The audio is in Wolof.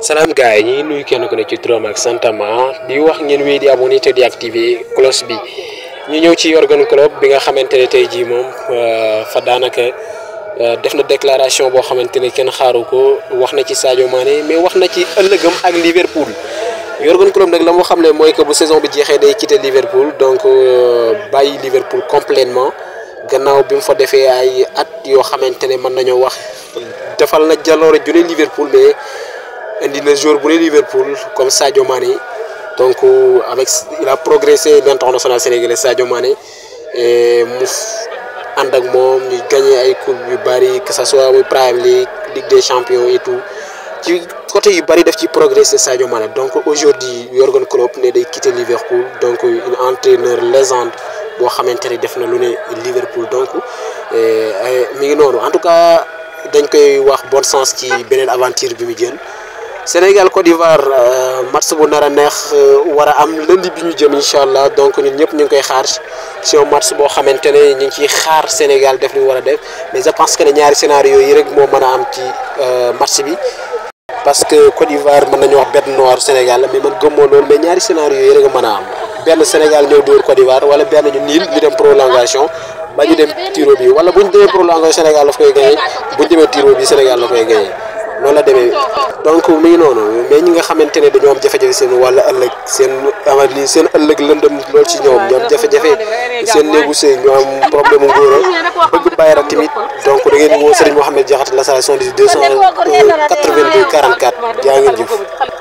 Salam gars nous ñuy nuyu kenn ku ne ci turam ak ah, di wax ngeen wéy di abonné te di activer cloche bi ñu ñëw ci organ club bi nga euh, fa euh, def na déclaration boo xamante kenn xaaru ko wax na Sadio Mané mais wax na ci ëllëgam ak Liverpool. de Klopp nag la que bu saison bi jeexee day quitter Liverpool donc euh, bàyyi Liverpool complètement gannaaw bi fa defee ay at yoo xamante mën nañoo wax defal na Liverpool mais. Un joueur bu Liverpool comme Sadio Mané donc avec il a progressé l'international sénégalais Sadio Mané et en tant que moom gagner gagné ay coupe yu bëri que ça soit muy Premier League Ligue des champions et tout ci côté yu bëri daf ci progressé Sadio Mané donc aujourd'hui Jürgen Klopp ne de quitter Liverpool donc une entraîneur légende boo xamante ni def na Liverpool donc et, eh, eh, ngi non, en tout cas dañ koy wax bon sens ci beneen aventure bi mu Sénégal Côte d'Ivoire euh, match bu nara neex euh, wara am lundi bi ñu jëm inshallah donc ñun ñëpp ñu ngi koy xaar ci un match bo xamantene ne ñu ngi ciy xaar Sénégal def li wara def mais je pense que ne ñaari scénario yi rek mo mëna am ci euh, match bi. parce que Côte d'Ivoire mëna ñu wax bête noir Sénégal mais man gëmmo lool mais ñaari scénario yi rek mëna am benn Sénégal ñëw door Côte d'Ivoire wala benn ñu nil li dem prolongation. ba ñu dem tiro bi wala bu dé prolongation Sénégal la koy gagner bu ñu tiro bi Sénégal la koy gagner noonu la demee donc mii ngi noonu mais ñi nga xamante ne dañoo am jafe-jafe seen wàllu ëllëg seen amal li seen ëllëg lëndëm lool ci ñoom ñoo am jafe-jafe seen néegu sëy ñoo am problème ngóora bëgg bàyyara tamit donc da ngeen woo Serigne Mouhamed Diakhaté la station 282 44 jaa ngeen jëf